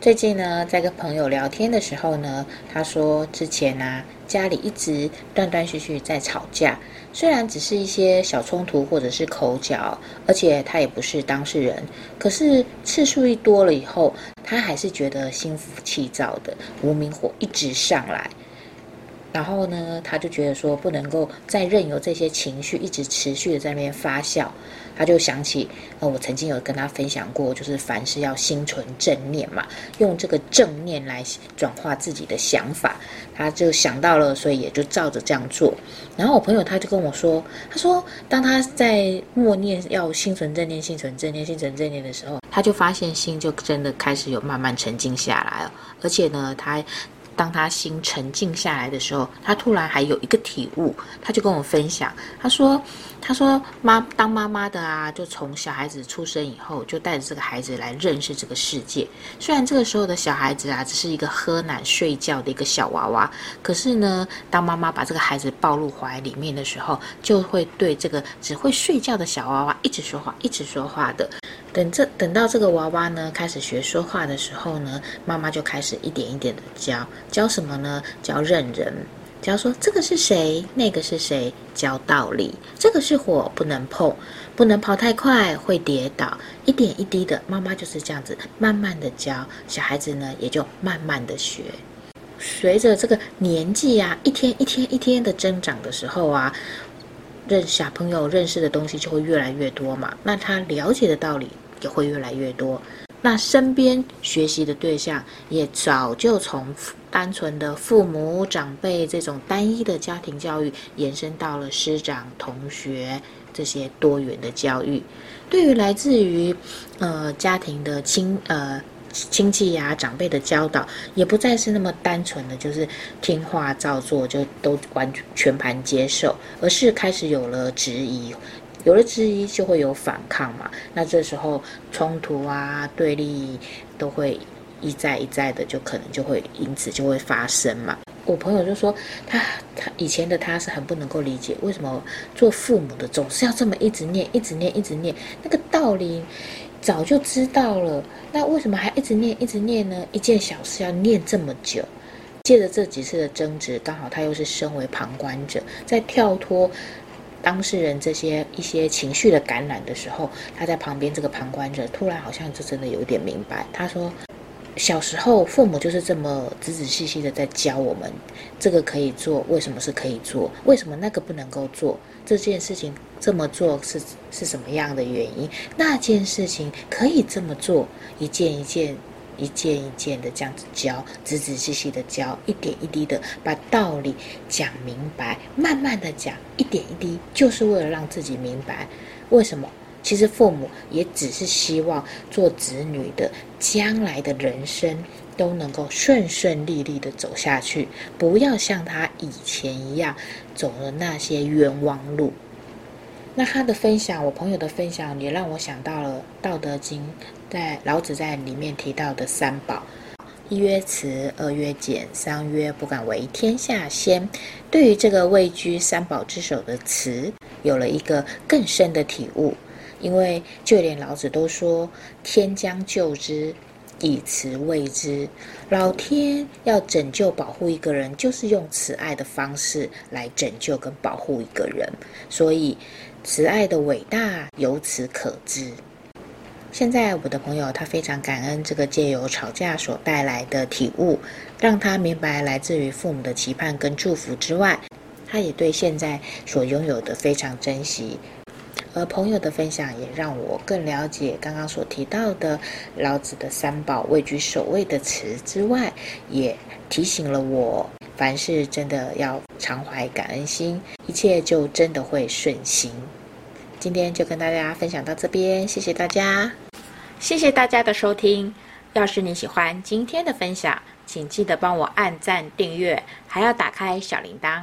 最近呢，在跟朋友聊天的時候呢，他說之前啊，家裡一直斷斷續續在吵架，雖然只是一些小衝突或者是口角，而且他也不是當事人，可是次數一多了以後，他還是覺得心浮氣躁的，無名火一直上來。然後呢，他就覺得說不能夠再任由這些情緒一直持續的在那邊發酵，他就想起，呃，我曾經有跟他分享過，就是凡事要心存正念嘛，用這個正念來轉化自己的想法，他就想到了，所以也就照着這樣做。然後我朋友他就跟我說，他說，當他在默念要心存正念、心存正念、心存正念的時候，他就發現心就真的開始有慢慢沉靜下來了，而且呢，他。當他心沉靜下來的時候，他突然還有一個體悟，他就跟我分享，他說。他說：“媽，當媽媽的啊，就從小孩子出生以後，就帶着這個孩子來認識這個世界。雖然這個時候的小孩子啊，只是一個喝奶、睡覺的一個小娃娃，可是呢，當媽媽把這個孩子抱入懷裡面的時候，就會對這個只會睡覺的小娃娃一直說話，一直說話的。等這等到這個娃娃呢開始學說話的時候呢，媽媽就開始一點一點的教，教什麼呢？教認人。”教說這個是誰，那個是誰，教道理。這個是火，不能碰，不能跑太快，會跌倒。一點一滴的，媽媽就是這樣子，慢慢的教小孩子呢，也就慢慢的學。隨着這個年紀呀、啊，一天一天一天的增長的時候啊，認小朋友認識的東西就會越來越多嘛，那他了解的道理也會越來越多。那身邊學習的對象也早就從單純的父母長輩這種單一的家庭教育，延伸到了師長、同學這些多元的教育。對於來自於呃家庭的親呃親戚呀、啊、長輩的教導，也不再是那麼單純的，就是聽話照做就都完全全盤接受，而是開始有了質疑。有了質疑，就會有反抗嘛。那這時候衝突啊、對立都會一再一再的，就可能就會因此就會發生嘛。我朋友就說，他他以前的他是很不能夠理解，為什麼做父母的總是要這麼一直念、一直念、一直念、一直念那個道理，早就知道了，那為什麼還一直念、一直念呢？一件小事要念這麼久，借着這幾次的爭執，剛好他又是身為旁觀者，在跳脫。當事人這些一些情緒的感染的時候，他在旁邊這個旁觀者突然好像就真的有點明白。他說，小時候父母就是這麼仔仔細細的在教我們，這個可以做，為什麼是可以做？為什麼那個不能夠做？這件事情這麼做是是什麼樣的原因？那件事情可以這麼做，一件一件。一件一件的這樣子教，仔仔細細的教，一點一滴的把道理講明白，慢慢的講，一點一滴，就是為了讓自己明白，為什麼？其實父母也只是希望做子女的將來的人生都能夠順順利利的走下去，不要像他以前一樣走了那些冤枉路。那他的分享，我朋友的分享也讓我想到了《道德經》，在老子在裡面提到的三寶，一曰慈，二曰儉，三曰不敢為天下先。對於這個位居三寶之首的慈，有了一個更深的體悟，因為就連老子都說：“天將救之。”以慈衛之，老天要拯救保護一個人，就是用慈愛的方式來拯救跟保護一個人，所以慈愛的偉大由此可知。現在我的朋友他非常感恩這個借由吵架所帶來的體悟，讓他明白來自於父母的期盼跟祝福之外，他也對現在所擁有的非常珍惜。而朋友的分享也讓我更了解剛剛所提到的老子的三寶位居首位的慈之外，也提醒了我，凡事真的要常懷感恩心，一切就真的會順心。今天就跟大家分享到這邊，謝謝大家，謝謝大家的收聽。要是你喜歡今天的分享，請記得幫我按讚、訂閱，還要打開小鈴鐺。